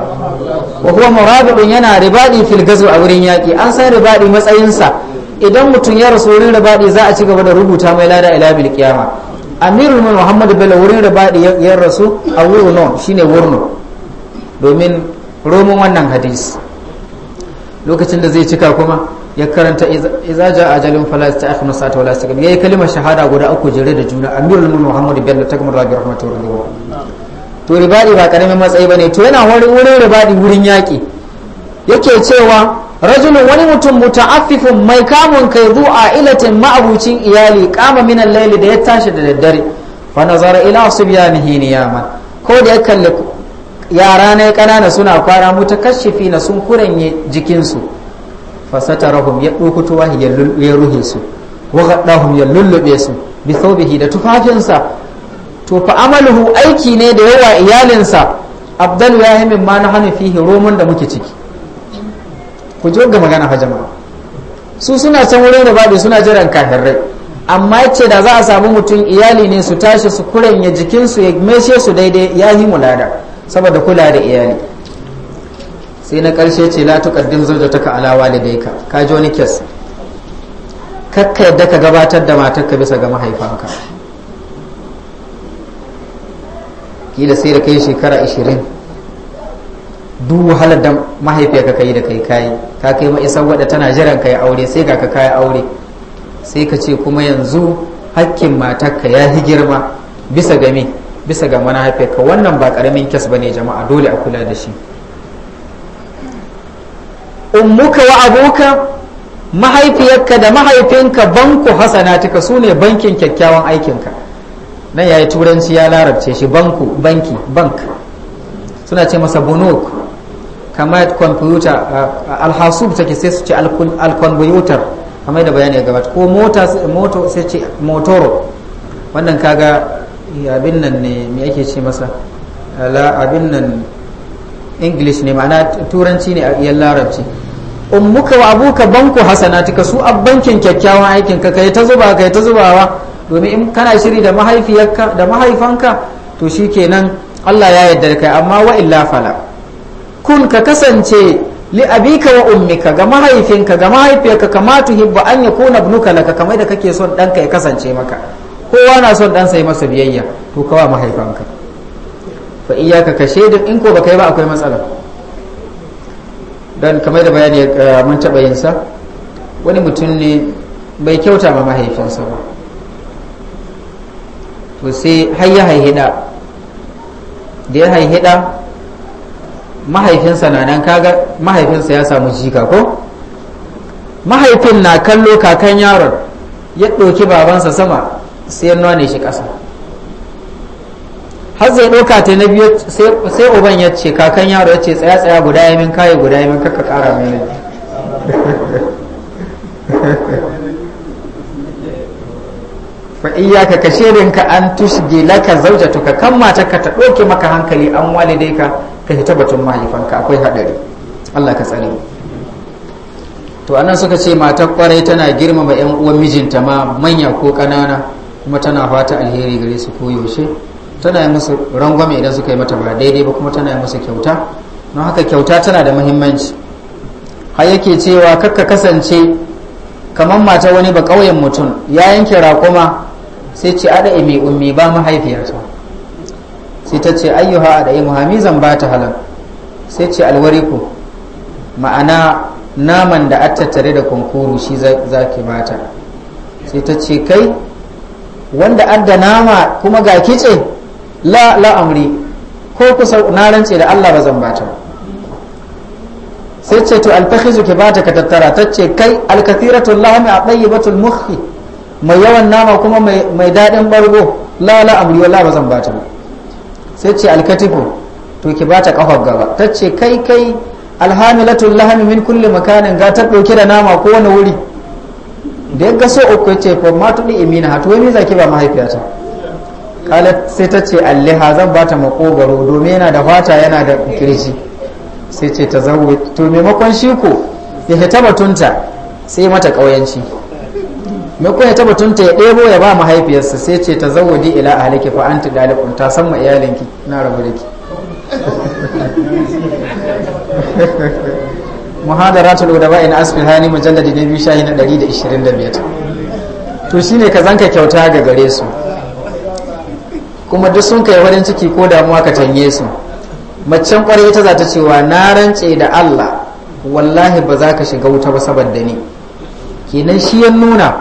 wa huwa muradun yana ribadi fil gazu a wurin yaƙi an san ribadi sa idan mutum ya rasu wurin ribadi za a ci gaba da rubuta mai lada ila bil qiyama amirul mu'minin muhammad bello wurin ribadi ya rasu a wurno shine wurno domin romon wannan hadisi lokacin da zai cika kuma ya karanta idza jaa ta fala yasta'khiruna sata wala ya yi kalimar shahada guda uku jere da juna amirul mu'minin muhammad bin takmur rabi rahmatu wa to ribadi ba karamin matsayi bane to yana wani wurin ribadi wurin yaki yake cewa rajulun wani mutum muta'affifun mai kamun kai zuwa ilatin ma'abucin iyali kama minan laili da ya tashi da daddare fa nazara ila subyanihi niyaman ko da ya kalli yara ne kanana suna kwara mutakashifi na sun kuranye jikinsu fasatarahum ya ɗauko ya lulluɓe ruhe su wa gaddahum ya lulluɓe su bi thawbihi da tufafinsa to fa amaluhu aiki ne da yawa iyalinsa abdalu ya min ma na hanu fihi roman da muke ciki ku ji ga magana fa jama'a su suna san wurin da babu suna jiran rai amma ce da za a samu mutum iyali ne su tashi su ya jikinsu ya meshe su daidai ya yi mulada saboda kula da iyali sai na karshe ce la tuqaddim zawjataka ala walidayka ka ji wani kes kakka yadda ka gabatar da matarka bisa ga mahaifanka kila sai da kai shekara 20 duk wahalar da mahaifiyarka kai da kai kai ka kai ma isan wadda tana jiran kai aure sai ga ka kai aure sai ka ce kuma yanzu hakkin matarka ya yi girma bisa ga me bisa ga mahaifiyarka wannan ba karamin kes bane jama'a dole a kula da shi ummuka wa abuka mahaifiyarka da mahaifinka banku tuka su ne bankin kyakkyawan aikinka nan ya yi turanci ya larabce shi banku banki bank suna ce masa bunuk kamar kwamfuta alhasub take sai su ce alkwamfutar kamar da bayani gabata ko mota sai ce motoro wannan kaga abin nan ne me ake ce masa abin nan english ne ma'ana turanci ne a iya larabci ummuka wa abuka banku hasanatika su abbankin kyakkyawan aikin ka kai ta zuba kai ta zubawa domin in kana shiri da mahaifiyarka da mahaifanka to shikenan Allah ya yarda kai amma wa illa fala kun ka kasance li abika wa ummika ga mahaifinka ga mahaifiyarka kama tuhibbu an yakuna ibnuka laka kamar da kake son dan ka ya kasance maka kowa na son dan sai masa biyayya to kawa mahaifanka fa iyaka ka shaidin in ko baka yi ba akwai matsala don kamar da bayani eh, mun taɓa yinsa wani mutum ne bai kyauta ma mahaifinsa ba to sai har ya haihida da ya haihida mahaifinsa na nan kaga mahaifinsa ya samu jika ko mahaifin na kallo kakan yaron ya ɗauki babansa sama sai ya nwane shi ƙasa har zai ɗauka ta na biyu sai uban ya ce kakan yaro ya ce tsaya tsaya guda ya min kaye guda ya min kaka ƙara mai fa iyyaka ka shirinka an zauja tuka kan ka ta ɗauke maka hankali an walidai ka hita batun mahaifanka akwai haɗari Allah ka tsare to anan suka ce matar kwarai tana girmama 'yan uwan mijinta ma manya ko ƙanana kuma tana fata alheri gare su koyaushe tana yi musu rangwame idan suka yi mata ba daidai ba kuma tana yi musu kyauta don haka kyauta tana da muhimmanci har yake cewa kakka kasance kamar mata wani ba ƙauyen mutum ya yanke raƙuma sai ce ada mai ummi ba mahaifiyarta sai ta ce ayyuha ada muhammi zan ba ta halar sai ce alwariku ma'ana naman da a tattare da kunkuru shi za ki bata sai ta ce kai wanda adda nama kuma ga kice la la amri ko kusa na rance da Allah ba zan bata sai ce to alfahizu ke bata ka tattara ta ce kai alkathiratul lahmi atayyibatul mukhi mai yawan nama kuma mai daɗin bargo la la amri wala ba zan bata ba sai ce alkatifu to ki bata kafar gaba ta ce kai kai alhamilatul lahmi min kulli makanin ga ta dauke da nama ko wani wuri da ya ga so uku ya ce fa ma tudi imina to wani za zaki ba mahaifiyata kala sai ta ce alliha zan ba ta makogaro domin yana da fata yana da kirji sai ce ta zawo to maimakon shi ko ya fita batunta sai mata ƙauyanci maimakon ya taba tunta ya ɗebo ya ba mahaifiyarsa sai ce ta zawo di ila ahaliki fa anti dalibun ta san ma iyalinki na rabu da ki muhadaratul udaba in asfihani mujalladi na biyu shahi na biyar. to shine ka zanka kyauta ga gare su kuma duk sun kai farin ciki ko damuwa ka canye su macen kwarai ta za cewa na rantse da Allah wallahi ba za ka shiga wuta ba saboda ni kenan shi ya nuna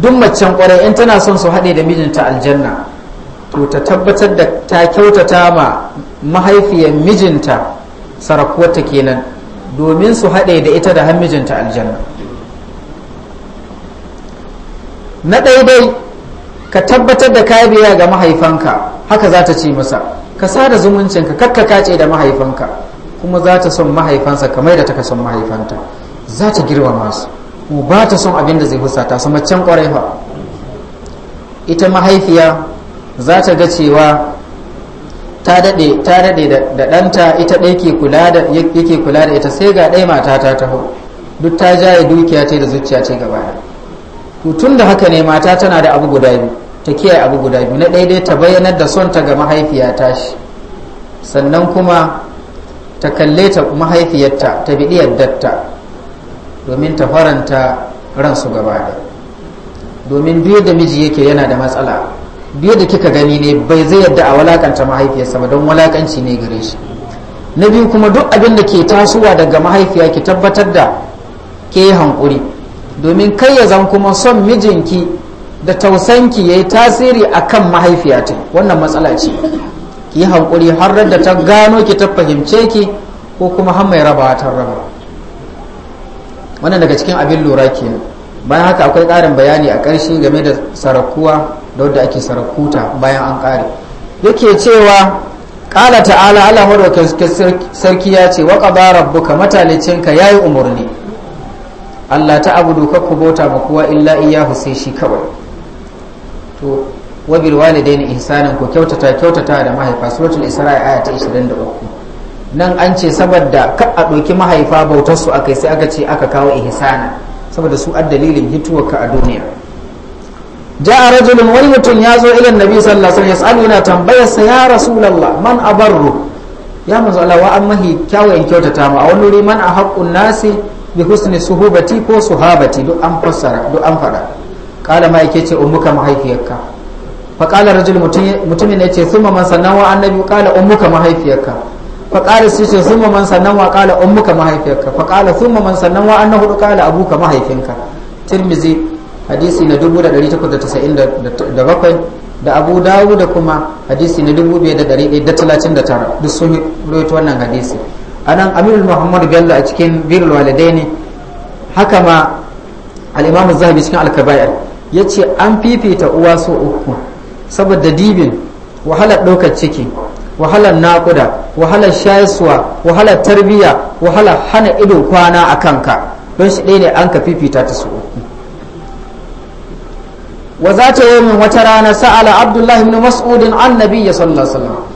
duk macen kwarai in tana son su haɗe da mijinta aljanna to ta tabbatar da ta kyautata ma mahaifiyar mijinta sarakuwarta kenan domin su haɗe da ita da har mijinta aljanna na ɗaiɗai ka tabbatar da ka biya ga mahaifanka haka za ta ce masa ka sada zumuncinka kakka kace da mahaifanka kuma za ta son mahaifansa kamar da taka son mahaifanta za ta girmama su kuma ba ta son abin da zai husata su macen kwarai fa ita mahaifiya za ta ga cewa ta dade ta dade da danta ita dai ke kula da yake kula da ita sai ga ɗaya mata ta taho duk ta jaye dukiya ce da zuciya ce gaba to tun da haka ne mata tana da abu guda biyu ta kiyaye abu guda biyu na daidai ta bayyanar da son ta ga mahaifiya tashi sannan kuma ta kalle ta mahaifiyarta ta biɗi yardarta domin ta faranta ransu gaba da domin biyu da miji yake yana da matsala biyu da kika gani ne bai zai yadda a walakanta mahaifiyarsa ba don walakanci ne gare shi na biyu kuma duk abin da ke tasowa daga mahaifiya ki tabbatar da ke hankuri domin kai ya zan kuma son mijinki da tausanki ya yi tasiri a kan mahaifiyata wannan matsala ce ki yi hankuri har da ta gano ki ta fahimce ki ko kuma har mai rabawa ta raba wannan daga cikin abin lura kenan bayan haka akwai ƙarin bayani a ƙarshe game da sarakuwa da wadda ake sarakuta bayan an ƙare yake cewa ƙala ta'ala Allah sarki ya ce waka ba rabbuka matalicinka ya yi umarni Allah ta abu ka ku bauta ma kowa illa iyahu sai shi kawai to wa bil walidaini ihsanan ku kyautata kyautata da mahaifa suratul isra'i aya ta 23 nan an ce saboda ka a ɗauki mahaifa bautar su akai sai aka ce aka kawo ihsana saboda su ad dalilin hituwarka a duniya a rajulun wani mutum ya zo ilan nabi sallallahu tambayar sa ya rasulullah man abarru ya manzo Allah an mahi kyawun kyautata mu a wani man a nasi bi husni suhubati ko suhabati duk an fassara duk an fada kala ma yake ce ummuka mahaifiyarka fa kala rajul mutumin yace thumma man sanawa annabi kala ummuka mahaifiyarka fa kala shi ce thumma man sanawa kala ummuka mahaifiyarka fa kala thumma man sanawa annahu kala abuka mahaifinka tirmizi hadisi na 1897 da abu dawu da kuma hadisi na 2139 duk sun rawaito wannan hadisi anan amirul muhammad bello a cikin birul walidaini haka ma imam zahabi cikin al ya ce an fifita uwa so uku saboda dibin wahalar ɗaukar ciki wahalar naƙuda wahalar shayaswa wahalar tarbiyya wahalar hana ido kwana a ka don shi ɗaya ne an ka fifita ta su uku wa za ta yi min wata rana sa'ala abdullahi ibn mas'udin annabi ya sallallahu alaihi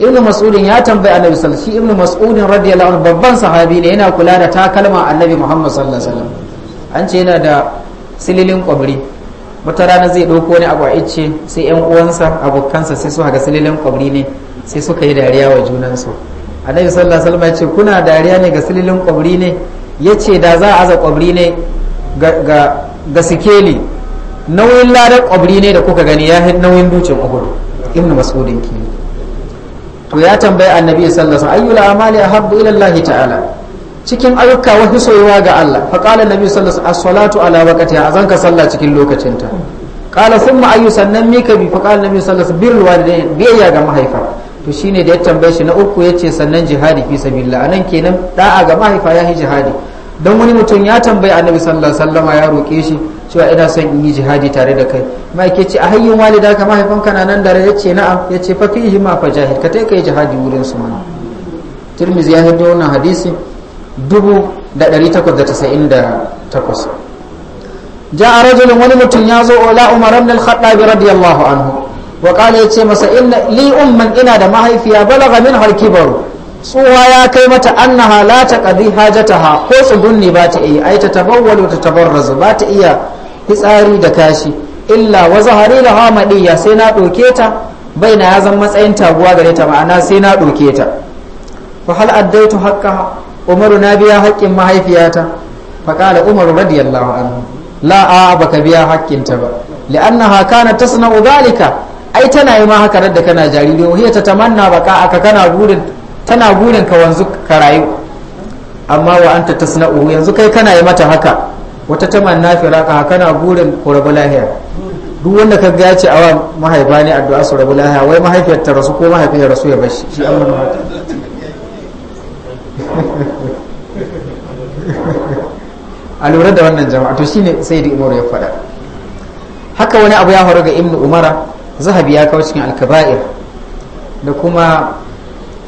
ibn mas'udin ya tambayi annabi sallallahu alaihi ibn mas'udin radiyallahu anhu babban sahabi ne yana kula da takalma annabi muhammad sallallahu alaihi wasallam an ce yana da sililin kwabri wata rana zai dauko ne abu a icce sai yan uwansa abokansa sai su haga sililin kwabri ne sai suka yi dariya wa junansu annabi sallallahu alaihi wasallam ya ce kuna dariya ne ga sililin kwabri ne ya ce da za a aza kwabri ne ga sikeli nauyin ladar kwabri ne da kuka gani ya nauyin dukin uhud ibn mas'udin kenan to ya tambayi annabi sallallahu alaihi wasallam ayyul amali ahabbu ila Allah ta'ala cikin ayyuka wa soyawa ga Allah fa qala annabi sallallahu alaihi wasallam as-salatu ala waqtiha azan ka sallah cikin lokacinta qala thumma ayyu sannan mika bi fa qala annabi sallallahu alaihi wasallam birrul walidain biyayya ga mahaifa to shine da ya tambaye shi na uku yace sannan jihadi fi sabilillah anan kenan da'a ga mahaifa ya yi jihadi dan wani mutum ya tambayi annabi sallallahu alaihi wasallam ya roke shi cewa ina son yi jihadi tare da kai ma'aike ce a hayyun walida ka mahaifinka na nan da ya ce na'am ya ce fa yi ma fa jahil ka tai kai jihadi wurin su mana tirmizi ya hidda wannan hadisi dubu da ɗari takwas da tasa'in da takwas a rajulun wani mutum ya zo ola umar ibn al radiyallahu anhu wa ya ce masa inna li umman ina da mahaifiya balaga min harkibaru tsuwa ya kai mata annaha la taqdi hajataha ko tsugunni ba ta iya ai ta tabawwalu ta tabarrazu ba ta iya fitsari da kashi illa wa zahari laha madiyya sai na ɗauke ta na ya zan matsayin taguwa gare ta ma'ana sai na ɗauke ta fa hal addaitu haqqaha umaru na biya haƙƙin mahaifiyata fa qala umaru radiyallahu anhu la a baka biya haƙƙinta ba li'annaha kanat tasna'u dhalika ai tana yi ma haka da kana jariri wa hiya tatamanna baka aka kana burin tana gurin ka wanzu ka rayu amma wa anta tasna'u yanzu kai kana yi mata haka wata taman na firaka kana burin ku rabu lahiya duk wanda ka ga ce awa mahaifa ne addu'a su rabu lahiya wai mahaifiyar ta rasu ko mahaifiyar rasu ya bashi shi an wani a lura da wannan jama'a to shine sai da umaru ya faɗa haka wani abu ya faru ga ibnu umara zahabi ya kawo cikin alkaba'ir da kuma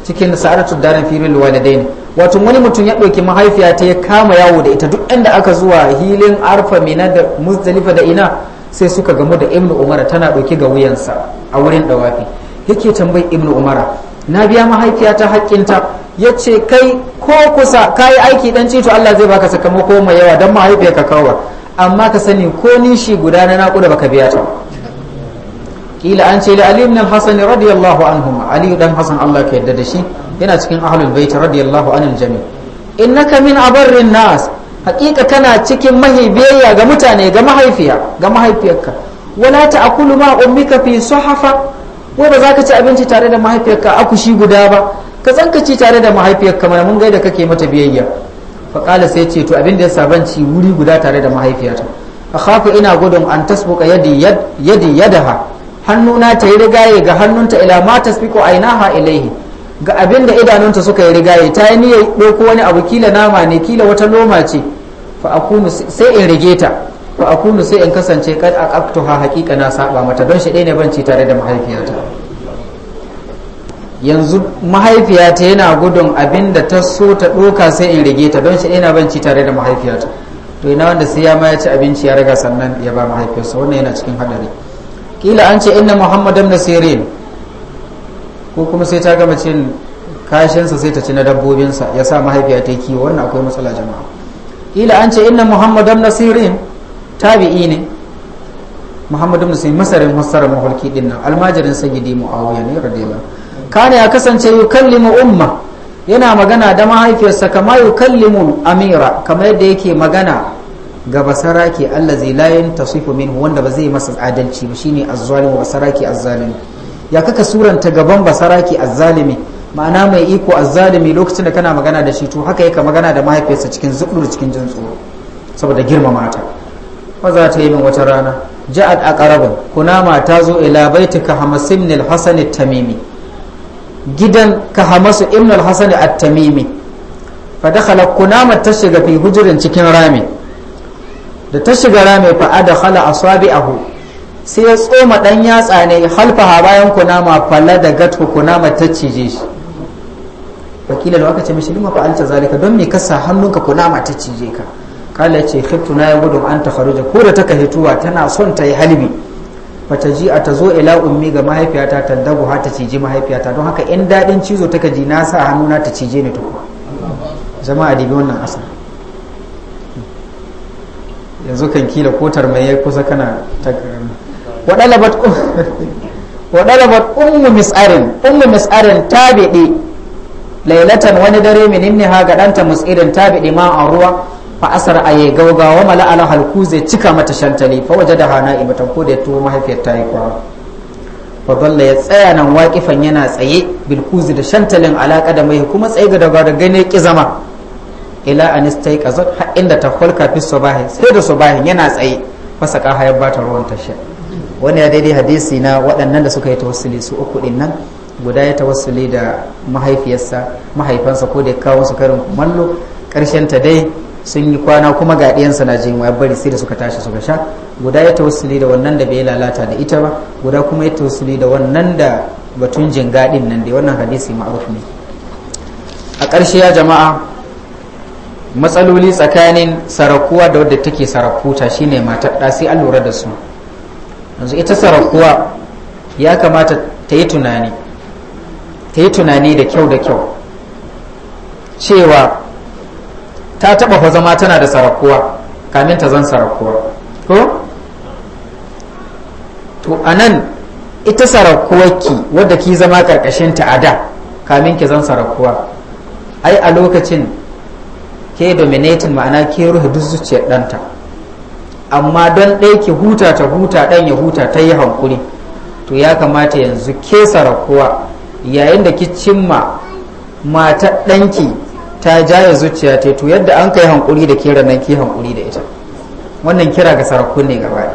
cikin sa'adatul darin firil walidain wato wani mutum ya ɗauki mahaifiya ta ya kama yawo da ita duk inda aka zuwa hilin arfa mina da muzdalifa da ina sai suka gamu da ibnu umara tana ɗauke ga wuyansa a wurin dawafi yake tambayi ibnu umara na biya mahaifiya ta haƙƙinta ya ce kai ko kusa ka yi aiki dan cito allah zai baka sakamako mai yawa don mahaifiyar ka kawar amma ka sani ko ni shi guda na naƙuda baka biya ta kila an ce li ali ibn hasan radiyallahu anhu ali dan Hassan allah ka yarda da shi yana cikin ahlul bait radiyallahu anil jami innaka min abarrin nas haqiqa kana cikin mahaibiyayya ga mutane ga mahaifiya ga mahaifiyarka wala ta'kulu ma ummika fi suhafa wai ba za ka ci abinci tare da mahaifiyarka akushi guda ba ka tsankaci tare da mahaifiyarka mana mun gaida kake mata biyayya faƙala sai ce to abin da ya sabanci wuri guda tare da mahaifiyata akhafu ina gudun an tasbuka yadi yadaha hannuna ta yi rigaye ga hannunta ila ma tasbiku ainaha ilaihi ga abin da idanunta suka yi rigaye ta yi niyyar ɗauko wani abu kila nama ne kila wata loma ce fa akunu sai in rige ta fa akunu sai in kasance kad ha hakika na saba mata don shi ɗaya ne banci tare da mahaifiyata yanzu mahaifiyata yana gudun abin da ta so ta doka sai in rige ta don shi ɗaya na banci tare da mahaifiyata to ina wanda sai ya ma ya ci abinci ya riga sannan ya ba mahaifiyarsa wannan yana cikin hadari kila an ce inna muhammadan nasirin ko kuma sai ta gama cin kashinsa sai ta ci na dabbobinsa ya sa mahaifiya ta kiwo wannan akwai matsala jama'a ila an ce inna muhammadan nasirin tabi'i ne muhammadu nasirin masarin masarar mahulki din nan almajirin sagidi muawiya ne radiyallahu kana ya kasance yukallimu umma yana magana da mahaifiyarsa kama yukallimu amira kamar yadda yake magana ga basaraki allazi la yantasifu minhu wanda ba zai masa adalci ba shine azzalimu basarake azzalimu ya kaka suranta gaban basaraki azzalimi ma'ana mai iko azzalimi lokacin da kana magana da shi to haka yaka magana da mahaifiyarsa cikin zuɗur cikin jin tsoro saboda girmama ta maza ta yi min wata rana ja'at aqrabun kunama ta zo ila baitika hamas ibn al-hasan at-tamimi gidan ka hamas ibn al-hasan at-tamimi fa dakhala kunama ta shiga fi hujurin cikin rami da ta shiga rami fa adkhala asabi'ahu sai ya tsoma dan yatsa ne halfaha bayan kunama falla da gatwa kunama ta cije shi wakila da aka ce mishi lima fa'alta zalika don me kasa hannunka kunama ta cije ka kala ce khiftu na gudu an ta kharuja ko da taka hituwa tana son ta yi halbi fata ji a ta zo ila ummi ga mahaifiyata ta dagu ha ta cije mahaifiyata don haka in dadin cizo taka ji na sa hannuna ta cije ni to jama'a dibi wannan asa. yanzu kan kila kotar mai ya kusa kana ta waɗalabat um, ummu mis'arin ummu mis'arin ta lailatan wani dare min imni ha ga ɗanta mus'irin ta ma a ruwa fa asar a yi gaugawa mala ala halku zai cika mata shantali fa waje da hana imatan ko da ya tuwo mahaifiyar ta yi kwa fa ya tsaya nan waƙifan yana tsaye bilkuzi da shantalin alaƙa da mai kuma tsaye ga daga gane ki zama ila anistai kazat har inda ta kwalka fi subahi sai da subahi yana tsaye fasaka ba bata ruwan tashe. wani ya daidai hadisi na waɗannan da suka yi tawassuli su uku ɗin nan guda ya tawassuli da mahaifiyarsa mahaifansa ko da ya kawo su karin kumallo ƙarshen ta dai sun yi kwana kuma ga ɗiyansa na jin bari sai da suka tashi suka sha guda ya tawassuli da wannan da bai lalata da ita ba guda kuma ya tawassuli da wannan da batun jingaɗin nan dai wannan hadisi ma'ruf ne a ƙarshe ya jama'a matsaloli tsakanin sarakuwa da wadda take sarakuta shine matar ɗa sai an lura da su yanzu ita sarakuwa ya kamata ta yi tunani ta yi tunani da kyau da kyau cewa ta taba fa zama tana da sarakuwa kamin ta zan sarakuwa ko to anan ita ki wadda ki zama karkashin ta a da kamin ki zan sarakuwa ai a lokacin ke dominatin ma'ana ke ruhu duk zuciyar ɗanta amma don ɗaya ki huta ta huta ɗan ya huta ta yi hankuri to ya kamata yanzu ke sarakuwa yayin da ki cimma mata ɗanki ta jaya zuciya ta to yadda an kai hankuri da ke nan ki hankuri da ita wannan kira ga sarakun ne gaba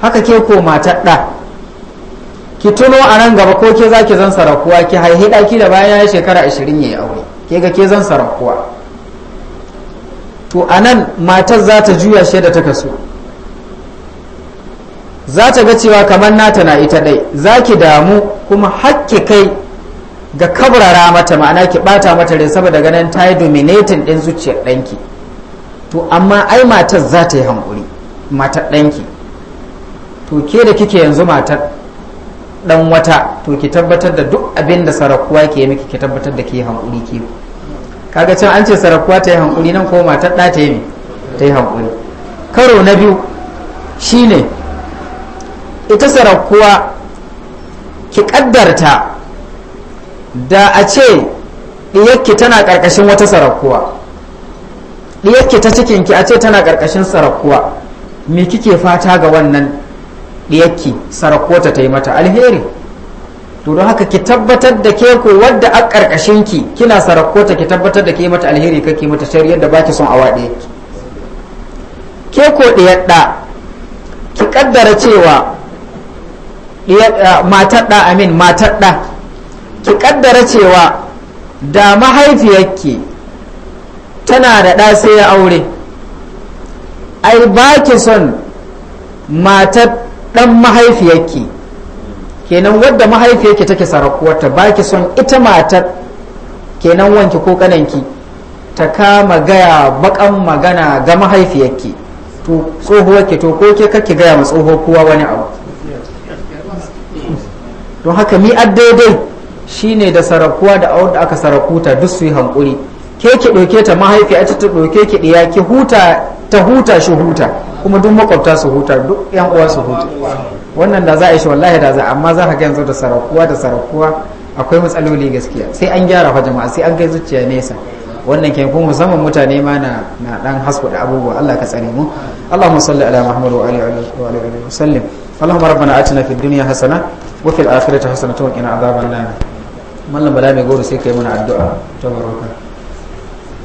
haka ke ko mata ɗa ki tuno a nan gaba ko ke za ki zan sarakuwa ki haihi ɗaki da bayan ya shekara ashirin ya yi aure ke ga ke zan sarakuwa to a nan matar za ta juya shi da ta kaso za ta ga cewa kamar nata na ita dai, za ki damu kuma hakki kai ga kabrara mata ma'ana ki ɓata mata rai saboda ganin ta yi dominating ɗin zuciyar ɗanki to amma ai matar za ta yi hankuri matar ɗanki to ke da kike yanzu matar ɗan wata to ki tabbatar da duk abin da sarakuwa ke miki ki tabbatar da ke hankuri ke kaga can an ce sarakuwa ta yi hankuri nan ko matar ɗa ta yi ta yi hankuri karo na biyu shine ita sarakuwa ki ƙaddarta da a ce ɗiyakki tana ƙarƙashin wata sarakuwa ɗiyakki ta cikinki a ce tana ƙarƙashin sarakuwa me kike fata ga wannan ɗiyakki sarakuwa ta yi mata alheri to don haka ki tabbatar da ke ko wadda a ƙarƙashin ki kina sarakota ki tabbatar da ke mata alheri kake mata shari'ar da baki son awa ɗaya ki ke ko ɗiyar ɗa ki ƙaddara cewa eh, matar ɗa amin matar ɗa ki ƙaddara cewa da mahaifiyarki tana da ɗa sai ya aure ai baki son matar ɗan mahaifiyarki kenan wadda mahaifiyarki take sarakuwarta ba ki son ita matar kenan wanki ko kananki ta kama gaya bakan magana ga mahaifiyarki to ke to ko ke kake gaya ma tsoho kowa wani abu don haka mi daidai shine da sarakuwa da da aka sarakuta duk su yi hankuri ke ki ɗauke ta mahaifiya ta ɗauke ki ɗiya ki huta ta huta shi huta kuma duk makwabta su huta duk yan uwa su huta wannan da za a yi shi wallahi da za amma za ka ga yanzu da sarakuwa da sarakuwa akwai matsaloli gaskiya sai an gyara fa jama'a sai an kai zuciya nesa wannan ke kuma musamman mutane ma na na dan hasko da abubuwa Allah ka tsare mu Allahumma salli ala Muhammad wa ali wa alihi wa sallim Allahumma rabbana atina fid dunya hasana wa fil akhirati hasanatan wa qina adhaban nar mallam bala mai goro sai kai mana addu'a tabaraka